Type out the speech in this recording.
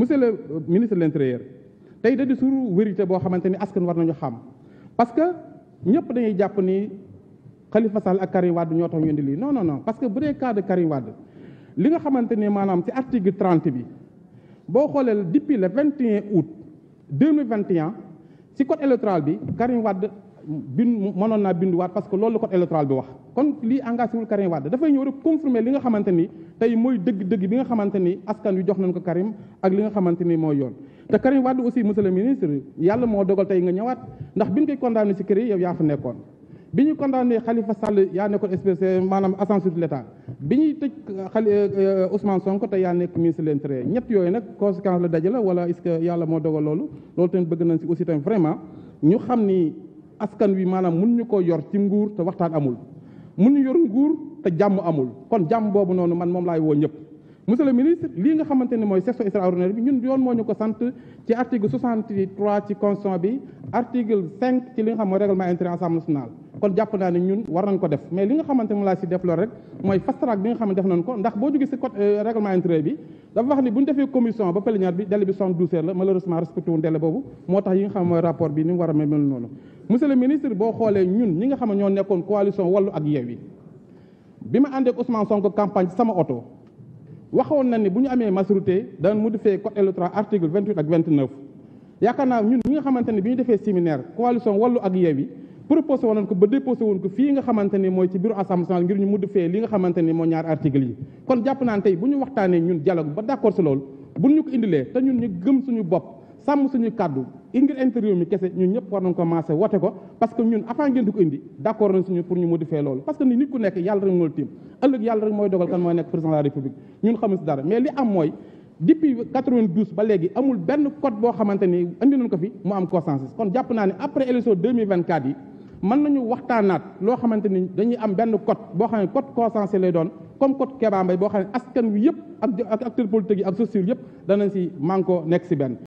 monsieur le ministre de l'intérieur tey da di suru vérité boo xamante ni askan war nañu xam parce que ñëpp dañuy jàpp ni Khalifa Sall ak Karim ñoo tax ñu indi lii non non non parce que bu dee cas de Karim Wade li nga xamante ni maanaam ci article trente bi boo xoolee depuis le vingt août 2021 ci code électoral bi Karim Wade bind mënoon naa binduwaat parce que loolu la code électoral bi wax kon lii engagé wul Karim Wade dafay ñëw rek confirmer li nga xamante ni tey mooy dëgg-dëgg bi nga xamante ni askan wi jox nañ ko Karim ak li nga xamante ni mooy yoon te Karim Wade aussi monsieur le ministre yàlla moo dogal tey nga ñëwaat ndax biñ koy condamné ci kër yi yow yaa fa nekkoon bi ñu condamné Khalifa Sall yaa nekkoon SPC maanaam agence de l'État bi ñuy tëj xali euh, euh, euh, Ousmane Sonko te yaa nekk ministre de l'Intérieur ñett yooyu nag conséquence la daje la wala moo dogal loolu loolu tamit nañ ci aussi vraiment ñu xam ni askan wi maanaam mun ñu ko yor ci nguur te waxtaan amul mun ñu yor nguur te jàmm amul kon jàmm boobu noonu man moom laay woo ñëpp monsieur ministre lii nga xamante ne mooy session extraordinaire bi ñun yoon moo ñu ko sant ci article 63 ci constitution bi article mooy règlement intérieur assemblée nationale kon jàpp naa ne ñun war nañ ko def mais li nga xamante moom laa si def rek mooy fast track nga xam ko ndax boo jógee si code euh, règlement intérieur bi dafa wax ni bu defee commission ba plénière a mel monsieur le ministre boo xoolee ñun ñi nga xam ñoo nekkoon coalition Wallu ak Yewwi bi ma àndee ak Ousmane Sonko campagne sama oto waxoon na ni bu ñu amee majorité daan modifier code électoral article 28 ak 29 yaakaar naa ñun ñi nga xamante ne bi ñu defee séminaire coalition Wallu ak Yewwi proposé woon nañ ko ba déposé woon ko fii nga xamante ni mooy ci bureau assemblée nationale ngir ñu modifier li nga xamante ni moo ñaar article yi kon jàpp naan tey bu ñu waxtaanee ñun dialogue ba d'accord si loolu bu ñu ko indilee te ñun ñu gëm suñu bopp sàmm suñu kàddu ingir intérieur mi kese ñun ñëpp war nañ ko commencé wote ko parce que ñun avant ngeen di ko indi d' accord nañ suñu pour ñu modifier loolu parce que ni nit ku nekk yàlla rek mool tiim ëllëg yàlla rek mooy dogal kan mooy nekk président de la république ñun xamuñ si dara mais li am mooy depuis 92 ba léegi amul benn code boo xamante ni indi nañ ko fi mu am consensus kon jàpp naa ne après élection 2024 yi mën nañu loo xamante ni dañuy am benn code boo xam ne code consensus lay doon comme code Kéba Mbaye boo xam ne askan wi yëpp ak acteur politique yi ak société yëpp nekk si benn